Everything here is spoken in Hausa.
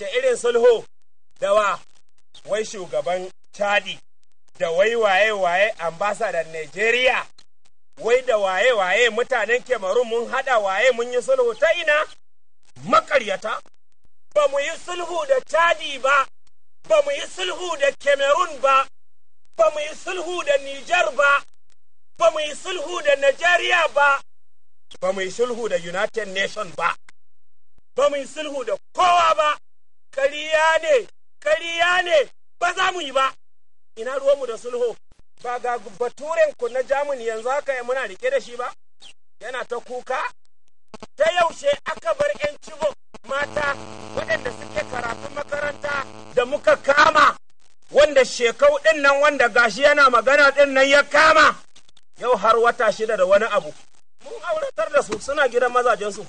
wace irin sulhu dawa wai shugaban chadi da wai waye-waye ambasadar Najeriya, wai da waye-waye mutanen Kemarun mun haɗa waye mun yi sulhu ta ina makaryata, ba mu yi sulhu da Chadi ba, ba mu yi sulhu da Kemarun ba, ba mu yi sulhu da Nijar ba, ba mu yi sulhu da Najeriya ba, ba mu yi sulhu da United Nations ba, ba mu yi sulhu da kowa ba, kariya ne kariya ne ba za mu yi ba ina ruwanmu da sulhu ba ga baturen ku na jamuni yanzu haka ya muna rike da shi ba yana ta kuka ta yaushe aka bar 'yan cibo mata waɗanda suke karatun makaranta da muka kama wanda shekau ɗin nan wanda gashi yana magana ɗin nan ya kama yau har wata shida da wani abu mun auratar da su suna gidan mazajensu.